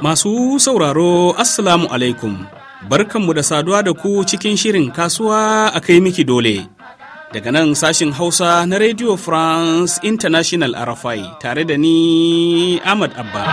Masu sauraro Assalamu alaikum, barkanmu da saduwa da ku cikin shirin kasuwa a kai miki dole. Daga nan sashin Hausa na Radio France International RFI tare da ni Ahmad Abba.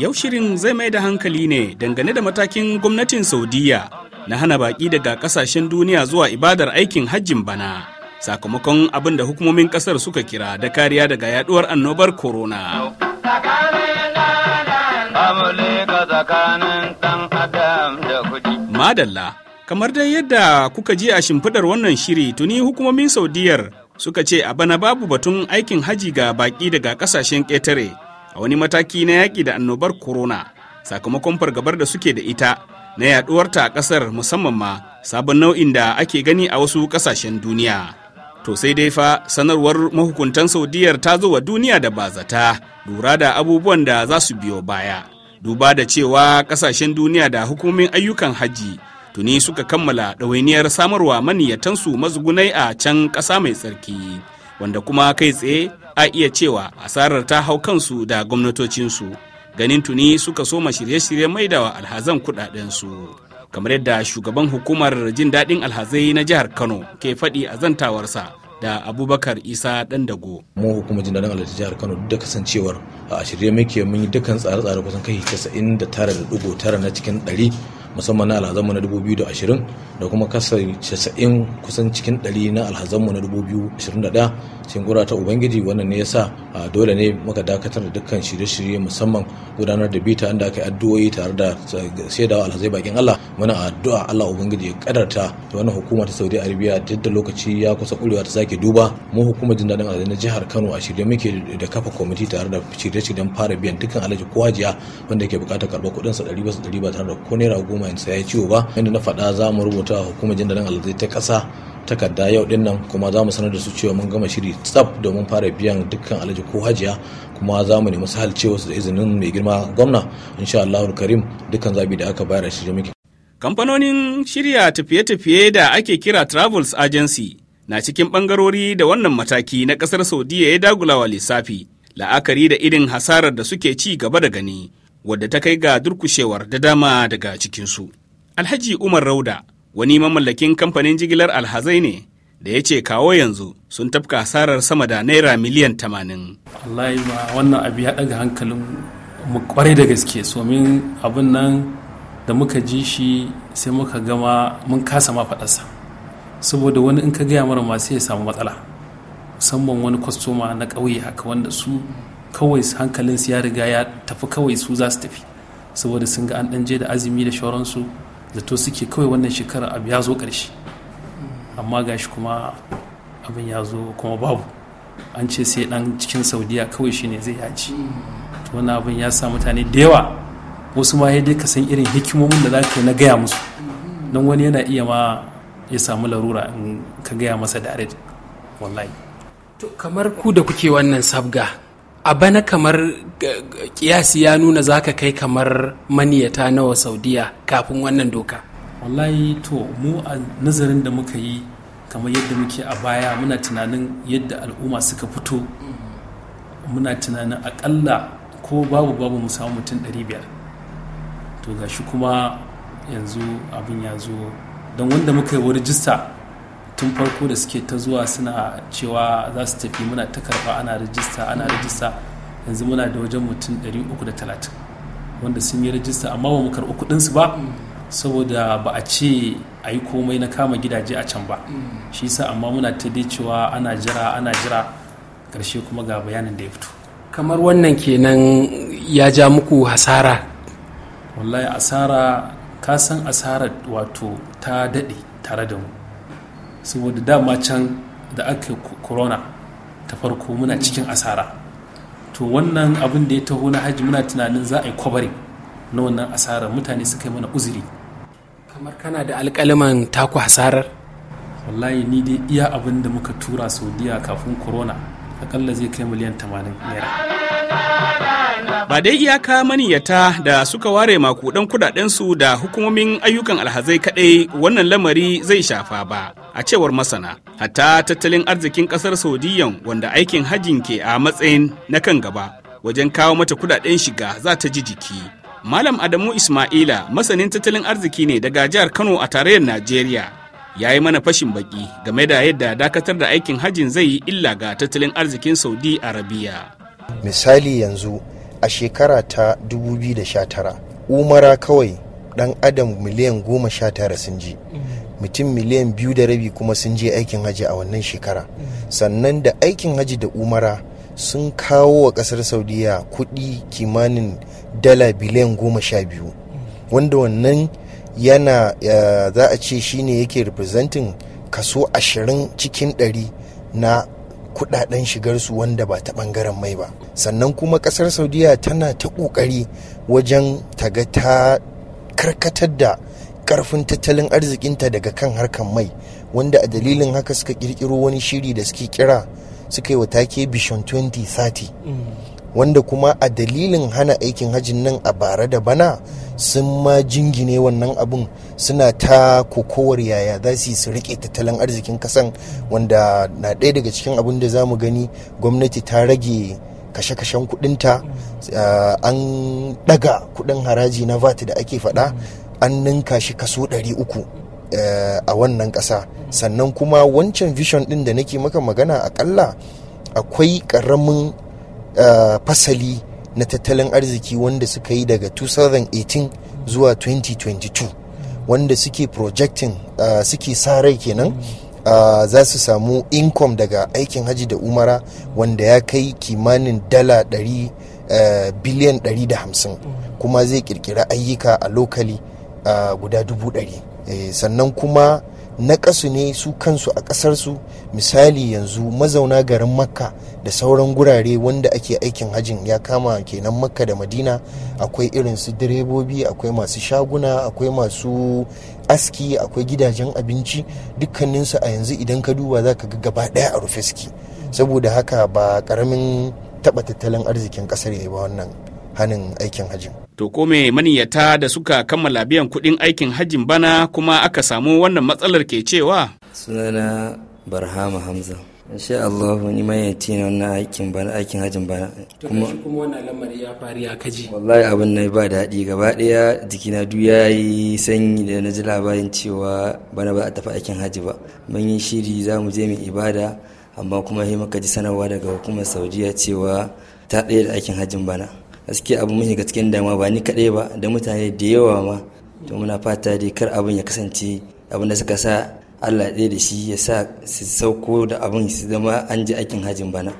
Yau shirin zai mai da hankali ne dangane da matakin gwamnatin Saudiyya na hana baƙi daga ƙasashen duniya zuwa ibadar aikin hajjin bana sakamakon abin da hukumomin ƙasar suka kira da kariya daga yaduwar annobar corona. Madalla, kamar dai yadda kuka ji a shimfiɗar wannan shiri tuni hukumomin Saudiyar suka ce a bana babu batun aikin haji ga baƙi daga ƙasashen ƙetare a wani mataki na yaƙi da annobar corona sakamakon fargabar da suke da ita na yaduwarta a kasar musamman ma sabon nau'in da ake gani a wasu kasashen duniya to sai dai fa sanarwar mahukuntan saudiyar ta zo wa duniya da bazata lura da abubuwan da za su biyo baya duba da cewa kasashen duniya da hukumomin ayyukan haji tuni suka kammala ɗawainiyar samarwa maniyatansu mazugunai a can ƙasa mai tsarki wanda kuma kai tsaye a iya cewa asarar ta hau kansu da gwamnatocinsu ganin tuni suka soma shirye-shiryen maidawa alhazan kuɗaɗensu kamar yadda shugaban hukumar jin daɗin alhazai na jihar kano ke faɗi a zantawarsa da abubakar isa dan dago mu hukumar jin daɗin alhazai jihar kano duk da kasancewar a shirye muke mun yi dukkan tsare-tsare kusan kai 99.9 na cikin ɗari. musamman na alhazanmu na 2020 da kuma kasa 90 kusan cikin 100 na alhazanmu na 2021 gura ta ubangiji wannan ne yasa dole ne muka dakatar da dukkan shirye-shirye musamman gudanar da bita inda aka yi addu'o'i tare da shaidawa alhazai bakin Allah muna addu'a Allah ubangiji ya kadarta da wannan hukuma ta Saudi Arabia da lokaci ya kusa kurewa ta sake duba mu hukumar jin daɗin alhazai na jihar Kano a shirye muke da kafa kwamiti tare da shirye-shiryen fara biyan dukkan alhaji ko hajiya wanda ke bukatar karɓar kuɗinsa ɗari ba ɗari ba tare da ko naira goma mahaifinsa ya ciwo ba yadda na faɗa za mu rubuta hukumar jin daɗin ta ƙasa takarda yau din nan kuma za mu sanar da su cewa mun gama shiri tsaf domin fara biyan dukkan alaji ko hajiya kuma za mu nemi sahal cewa su da izinin mai girma gwamna insha allahu Karim dukkan zabi da aka bayar shi shirye muke. Kamfanonin shirya tafiye-tafiye da ake kira Travels Agency na cikin bangarori da wannan mataki na kasar Saudiya ya dagulawa lissafi la'akari da irin hasarar da suke ci gaba da gani. wadda ta kai ga durkushewar da dama daga cikinsu. Alhaji Umar Rauda wani mamallakin kamfanin jigilar alhazai ne da ya ce kawo yanzu sun tafka hasarar sama da naira miliyan tamanin. Wallahi ma wannan abu ya ɗaga hankalin mu kwarai da gaske somin abin nan da muka ji shi sai muka gama mun kasa ma faɗarsa saboda wani in ka gaya mara masu ya samu matsala musamman wani kwastoma na ƙauye haka wanda su kawai hankalin su ya riga ya tafi kawai su za su tafi saboda sun ga an dan je da azumi da shauransu zato suke kawai wannan shekara abu ya zo ƙarshe amma gashi kuma abin ya zo kuma babu an ce sai dan cikin saudiya kawai shine zai yaci to abin ya sa mutane da yawa wasu ma dai ka san irin hikimomin da za ka na gaya musu don wani yana iya ma ya samu larura in ka gaya masa da wallahi to kamar ku da kuke wannan sabga a bana kamar kiyasi ya nuna za ka kai kamar maniyata nawa saudiya kafin wannan doka wallahi to mu a nazarin da muka yi kamar yadda muke a baya muna tunanin yadda al'umma suka fito muna tunanin akalla ko babu babu mu samu mutum 500 to gashi kuma yanzu abin ya zo don wanda muka yi wa rijista tun farko da suke ta zuwa suna cewa za su tafi muna ta karba ana rajista ana rajista yanzu muna da wajen mutum 330 wanda sun yi rajista amma ba mu karɓi kuɗinsu ba saboda ba a ce a yi komai na kama gidaje a can ba shi sa amma muna ta dai cewa ana jira ana jira ƙarshe kuma ga bayanin da ya fito kamar wannan kenan ya ja muku hasara wallahi asara ka san asarar wato ta daɗe tare da mu saboda dama can da aka corona ta farko muna mm. cikin asara to wannan abin da ya taho na hajji muna tunanin za a yi kwabari na wannan asarar mutane suka yi mana uzuri kamar kana da alkaliman taku hasarar wallahi ni dai iya abin da muka tura saudiya kafin corona akalla zai kai miliyan 80 naira a dai iyaka maniyyata da suka ware makudan kudadensu da hukumomin ayyukan alhazai kadai wannan lamari zai shafa ba a cewar masana hatta tattalin arzikin kasar saudiyan wanda aikin hajjin ke a matsayin na kan gaba wajen kawo mata kudaden shiga za ta ji jiki malam adamu ismaila masanin tattalin arziki ne daga jihar kano a tarayyar najeriya ya yi mana fashin baki game da yadda dakatar da aikin hajjin zai yi illa ga tattalin arzikin saudi arabiya misali yanzu a shekara ta 2019 umara kawai dan adam miliyan goma sha tara sun je mm. mutum miliyan biyu da rabi kuma sun je aikin haji a wannan shekara mm. sannan da aikin haji da umara sun kawo wa kasar saudiya kudi kimanin dala biliyan goma sha biyu mm. wanda wannan yana za a ce shine yake representing kaso ashirin cikin ɗari na kudaden shigarsu wanda ba ta bangaren mai ba sannan kuma kasar saudiya tana ta kokari wajen taga ta karkatar da karfin tattalin arzikinta daga kan harkar mai wanda a dalilin haka suka kirkiro wani shiri da suke kira suka yi wa take bishon 2030 mm. wanda kuma a dalilin hana aikin hajjin nan a bara da bana sun ma jingine wannan abun suna ta kokowar yaya za su su rike tattalin arzikin kasan wanda na ɗaya daga cikin abin da za mu gani gwamnati ta rage kashe-kashen kudinta ah, an ɗaga kudin haraji na vat da ake faɗa an ninka shi kaso uku eh, a wannan ƙasa sannan kuma wancan vision ɗin da nake maka magana akalla akwai ƙaramin ah, fasali na tattalin arziki wanda suka yi daga 2018 zuwa 2022 wanda suke projectin uh, suke sa rai kenan uh, za su samu income daga aikin haji da umara wanda ya kai kimanin dala 100 uh, biliyan 150 kuma zai kirkira ayyuka a lokali uh, guda 100 eh, sannan kuma na ne su kansu a ƙasarsu misali yanzu mazauna garin makka da sauran gurare wanda ake aikin hajin ya kama kenan makka da madina akwai irin su direbobi akwai masu shaguna akwai masu aski akwai gidajen abinci dukkaninsu a yanzu idan ka duba za ka ga gaba ɗaya a rufe saboda haka ba ƙaramin taɓa tattalin arzikin ƙasar ya yi ba wannan hanin aikin hajji. To ko me maniyata da suka kammala biyan kuɗin aikin hajjin bana kuma aka samu wannan matsalar ke cewa? Sunana Barhama Hamza. Insha Allah ni mayaci na wannan aikin bana aikin hajjin bana. Kuma kuma wannan lamari ya faru ya kaji. Wallahi abin na ba daɗi gaba ɗaya jikina duk ya yi sanyi da na ji labarin cewa bana ba a tafi aikin hajji ba. Mun yi shiri za mu je mu ibada amma kuma sai muka ji sanarwa daga hukumar Saudiya cewa ta ɗaya da aikin hajjin bana. gaskiya abu mun shiga cikin damuwa ba ni kaɗai ba da mutane da yawa ma to muna fata dai kar abin ya kasance abin da suka sa Allah ɗaya da shi ya sa su sauko da abin su zama an ji aikin hajin bana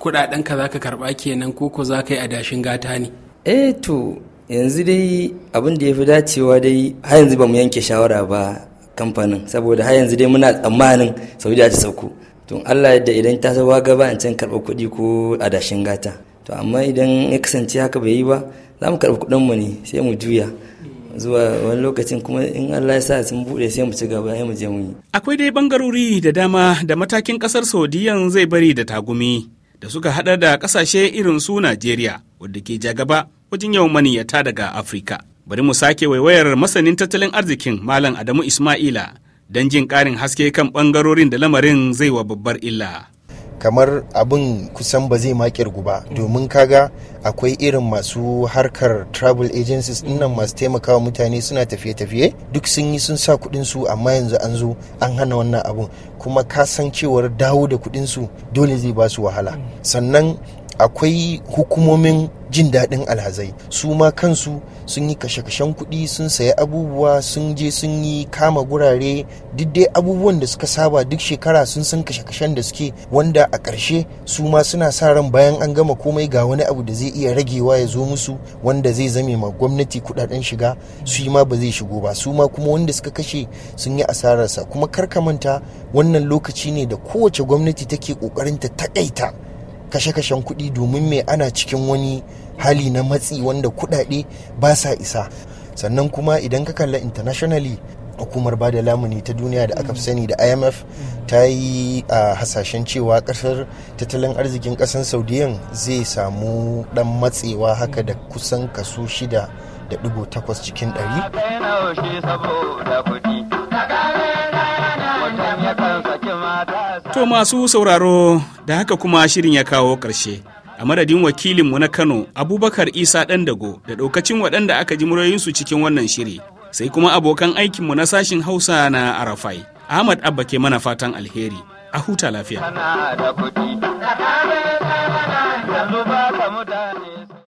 kuɗaɗen ka zaka karɓa kenan ko ko zaka yi adashin gata ne eh to yanzu dai abin da ya fi dacewa dai har yanzu ba mu yanke shawara ba kamfanin saboda har yanzu dai muna tsammanin da ta sauko to allah yadda idan ta sauwa gaba in can karɓa kuɗi ko adashin gata to amma idan ya kasance haka bai yi ba za mu karɓi kuɗin mu ne sai mu juya zuwa wani lokacin kuma in Allah ya sa sun bude sai mu ci gaba sai mu je mu yi akwai dai bangarori da dama da matakin kasar Saudiyan zai bari da tagumi da suka hada da kasashe irin su Najeriya wadda ke jagaba wajen yawan maniyata daga Afirka bari mu sake waiwayar masanin tattalin arzikin Malam Adamu Ismaila don jin karin haske kan bangarorin da lamarin zai wa babbar illa kamar abin kusan ba zai makir ba mm. domin kaga akwai irin masu harkar travel agencies mm. dinnan masu taimakawa mutane suna tafiye-tafiye duk sun yi sun sa kudin su amma yanzu an zo an hana wannan abun kuma ka san cewar dawo da kudin su dole zai ba su wahala mm. sannan akwai hukumomin jin daɗin alhazai su ma kansu sun yi kashe-kashen kuɗi sun saya abubuwa sun je sun yi kama gurare duk dai abubuwan da suka saba duk shekara sun san kashe-kashen da suke wanda a ƙarshe su ma suna sa ran bayan an gama komai ga wani abu da zai iya ragewa ya zo musu wanda zai zame ma gwamnati kuɗaɗen shiga su ma ba zai shigo ba su ma kuma wanda suka kashe sun yi asararsa kuma kar ka manta wannan lokaci ne da kowace gwamnati take ƙoƙarin ta taƙaita kashe-kashen kuɗi domin mai ana cikin wani hali na matsi wanda kuɗaɗe ba sa isa sannan kuma idan ka kalla internationally hukumar ba da lamuni ta duniya da aka fi sani da imf ta yi a hasashen cewa kasar tattalin arzikin kasar saudiyan zai samu dan matsewa haka da kusan kaso shida da digo takwas cikin ɗari To masu sauraro da haka kuma shirin ya kawo ƙarshe. A madadin wakilinmu na Kano, Abubakar Isa Ɗandago da ɗaukacin waɗanda aka ji muryoyinsu cikin wannan shiri, sai kuma abokan aikinmu na sashin Hausa na Arafai. Ahmad Abba ke mana fatan alheri. A huta lafiya.